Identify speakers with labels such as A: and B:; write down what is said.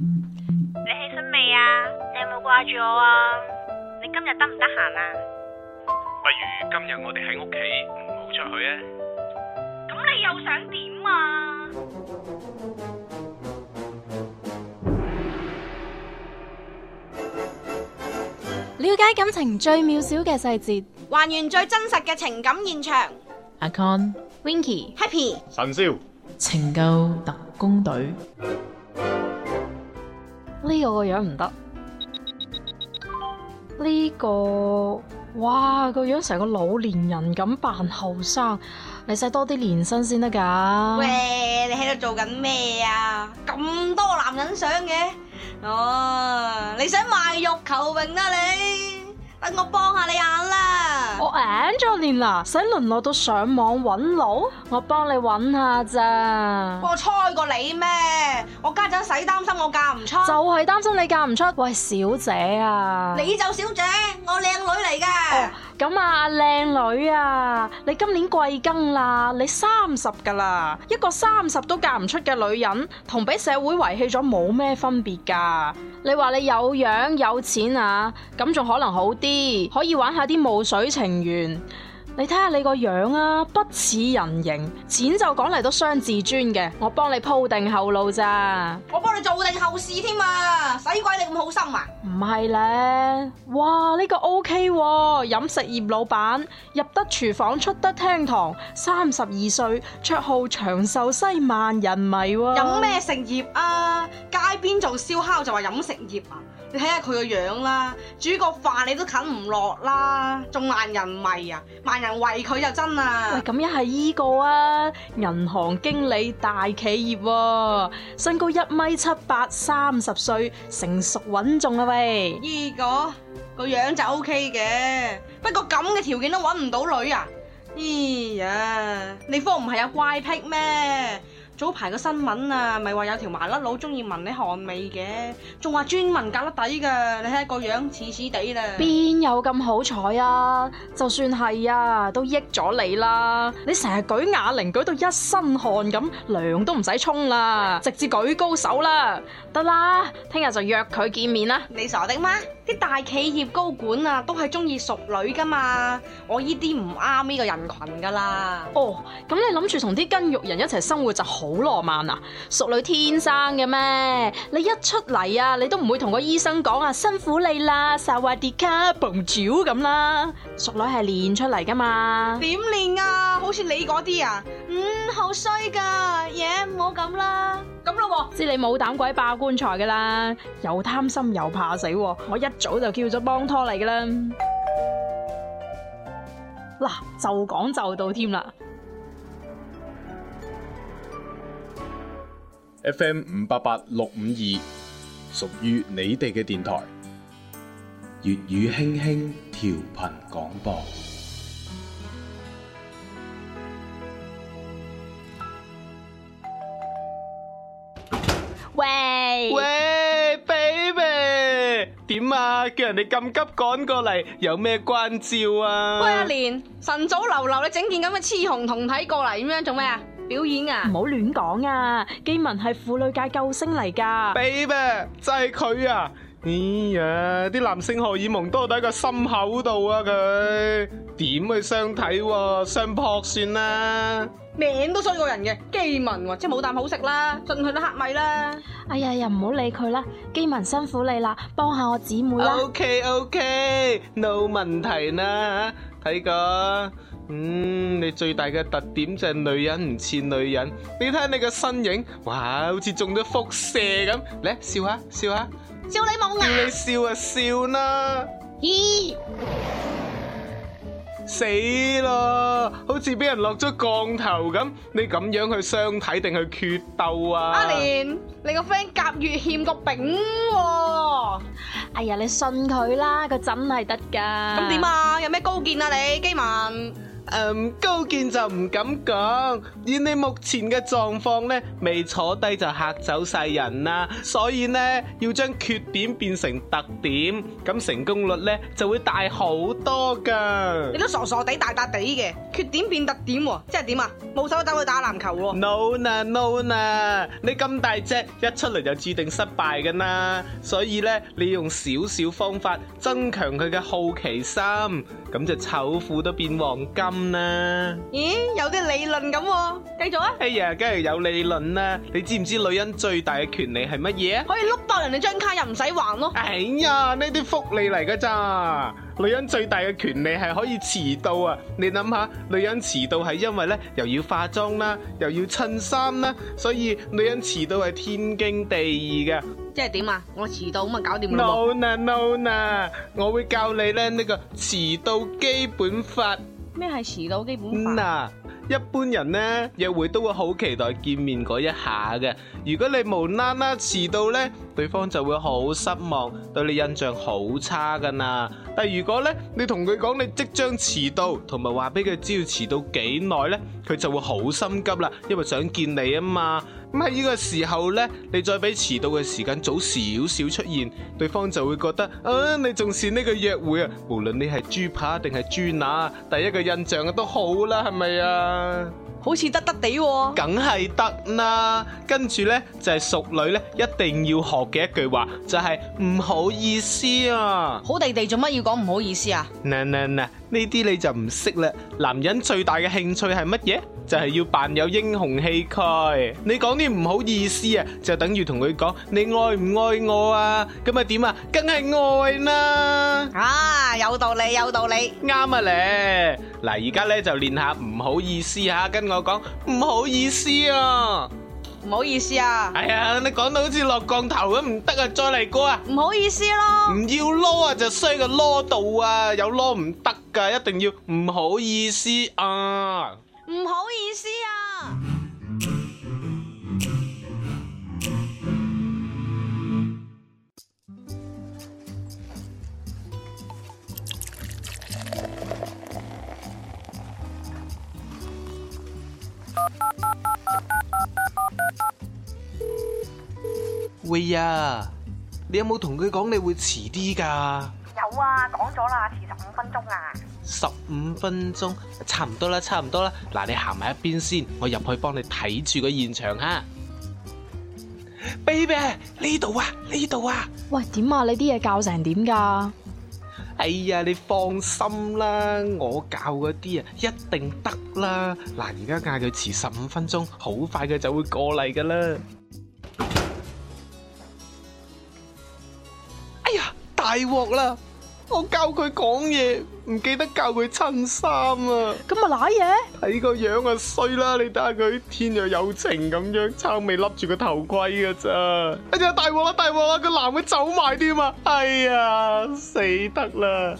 A: 你起身未啊？你有冇掛住我啊？你今日得唔得閒啊？
B: 不如今日我哋喺屋企，唔好出去啊！咁你又想點啊？
A: 了解感情最渺小嘅細節，還原最真實嘅情感現場。阿 Con，Winky，Happy，臣少，情救特工隊。呢個個樣唔得，呢個哇個樣成個老年人咁扮後生，你使多啲年薪先得噶。喂，你喺度做緊咩啊？咁多男人想嘅，哦，你想賣肉求榮啊你？等我幫下你眼啦。Angelina，使淪落到上網揾佬？我幫你揾下咋？我猜過你咩？我家陣使擔心我嫁唔出，就係擔心你嫁唔出。喂，小姐啊，你就小姐，我靚女。咁啊，阿靚女啊，你今年貴庚啦？你三十噶啦，一個三十都嫁唔出嘅女人，同俾社會遺棄咗冇咩分別噶。你話你有樣有錢啊，咁仲可能好啲，可以玩一下啲露水情緣。你睇下你個樣啊，不似人形，錢就講嚟都傷自尊嘅，我幫你鋪定後路咋？我幫你做定後事添啊，使鬼你咁好心啊？唔係咧，哇呢、這個 O K，飲食業老闆入得廚房出得廳堂，三十二歲，綽號長壽西萬人迷喎、啊。飲咩、啊、食業啊？街邊做燒烤就話飲食業啊？你睇下佢個樣啦，煮個飯你都啃唔落啦，仲萬人迷啊，萬人圍佢就真啊。喂，咁一係呢個啊，銀行經理大企業、啊，身高一米七八，三十歲，成熟穩重啊喂。呢、這個個樣就 O K 嘅，不過咁嘅條件都搵唔到女啊，哎呀，你方唔係有怪癖咩？早排個新聞啊，咪話有條麻甩佬中意聞你汗味嘅，仲話專聞隔甩底噶，你睇下個樣，似似地啦。邊有咁好彩啊？就算係啊，都益咗你啦。你成日舉啞鈴舉到一身汗咁，涼都唔使沖啦， 直接舉高手啦。得啦，聽日就約佢見面啦。你傻的嗎？啲大企業高管啊，都係中意淑女噶嘛，我呢啲唔啱呢個人群噶啦。哦，咁、嗯嗯、你諗住同啲筋肉人一齊生活就好浪漫啊？淑女天生嘅咩？你一出嚟啊，你都唔會同個醫生講啊，辛苦你啦，薩瓦迪卡，碰蕉咁啦。淑女係練出嚟噶嘛？點練啊？好似你嗰啲啊？嗯，好衰噶，嘢唔好咁啦。嗯知你冇膽鬼霸棺材噶啦，又貪心又怕死，我一早就叫咗幫拖你噶啦。嗱，就講就到添啦。
B: FM 五八八六五二，屬於你哋嘅電台，粵語輕輕調頻廣播。點啊！叫人哋咁急趕過嚟，有咩關照啊？喂，阿蓮，
A: 晨早流流，你整件咁嘅雌雄同體過嚟，點樣做咩啊？表演啊！唔好亂講啊！基文係婦女界救星嚟噶，俾
B: 咩？就係佢啊！哎呀，啲男性荷爾蒙都喺個心口度啊，佢點去相睇啊？相撲算啦啊。名
A: 都衰過人嘅基民喎，即係冇啖好食啦，進去都乞米啦。哎呀，又唔好理佢啦，基民辛苦你啦，幫下我姊妹啦。OK
B: OK，no 問題啦，睇過，嗯，你最大嘅特點就係女人唔似女人，你睇下你個身影，哇，好似中咗輻射咁，嚟，笑下笑下，笑你冇眼，笑就笑啦。咦？死咯！好似俾人落咗降頭咁，你咁樣去相睇定去決鬥啊？阿蓮，
A: 你個 friend 夾住欠個餅喎，啊！哎呀，你信佢啦，佢真係得噶。咁點啊？有咩高見啊你，
B: 基文？嗯，高見就唔敢講。以你目前嘅狀況呢，未坐低就吓走晒人啦。所以呢，要將缺點變成特點，咁成功率呢就會大好多噶。你都傻
A: 傻地、大笪地嘅缺點變特點喎，即係點啊？冇手走去打
B: 籃球喎？No 嗱，no 嗱，no, no，你咁大隻，一出嚟就注定失敗噶啦。所以呢，你用少少方法增強佢嘅好奇心。咁就醜婦都變黃金啦！
A: 咦、欸，有啲理論咁，
B: 繼續啊！續哎呀，梗係有理論啦、啊！你知唔知女人最大嘅權利係乜嘢啊？可以碌爆人哋張卡又唔使還咯！哎呀，呢啲福利嚟噶咋？女人最大嘅權利係可以遲到啊！你諗下，女人遲到係因為咧又要化妝啦，又要襯衫啦，所以女人遲到係天經地義嘅。即
A: 係點啊？我遲到咁啊，搞掂啦！No
B: na no 我會教你咧呢，呢個遲到基本法。
A: 咩係遲到基本法？
B: 一般人呢，約會都會好期待見面嗰一下嘅，如果你無啦啦遲到呢，對方就會好失望，對你印象好差㗎啦。但如果呢，你同佢講你即將遲到，同埋話俾佢知要遲到幾耐呢，佢就會好心急啦，因為想見你啊嘛。咁喺呢個時候呢，你再比遲到嘅時間早少少出現，對方就會覺得啊，你重視呢個約會啊。無論你係豬扒定係豬乸，第一個印象都好啦，係咪啊？好似得得地喎、哦，梗係得啦。跟住呢，就係、是、熟女呢一定要學嘅一句話就係、是、唔好意思啊。
A: 好地地做乜要講唔好意思啊？
B: 嗱嗱嗱。呢啲你就唔識啦，男人最大嘅興趣係乜嘢？就係要扮有英雄氣概。你講啲唔好意思啊，就等於同佢講，你愛唔愛我啊？咁啊點啊？梗係愛啦！
A: 啊，有道理，有道理，啱啊咧。
B: 嗱，而家咧就練下唔好意思吓，跟我講唔好意思啊。唔好意思啊，係啊、哎，你講到好似落降頭咁，唔得啊，再嚟過啊，唔好意思咯，唔要囉啊，就衰個囉度啊，有囉唔得噶，一定要唔好意思啊，唔
A: 好意思。
B: 會啊！你有冇同佢講你會遲啲噶？有啊，講
A: 咗啦，
B: 遲十五分鐘啊！十五分鐘，差唔多啦，差唔多啦。嗱、啊，你行埋一邊先，我入去幫你睇住個現場啊，baby，呢度啊，
A: 呢度啊！喂，點啊？你啲嘢教成點噶？哎
B: 呀，你放心啦，我教嗰啲啊，一定得啦。嗱，而家嗌佢遲十五分鐘，好快佢就會過嚟噶啦。大鑊啦！我教佢講嘢，唔記得教佢襯衫啊！咁咪瀨嘢？睇個樣啊，衰啦！你睇下佢天若有情咁樣，差未笠住個頭盔噶咋？一隻大鑊啦，大鑊啦！個男嘅走埋添啊！哎呀，死得啦！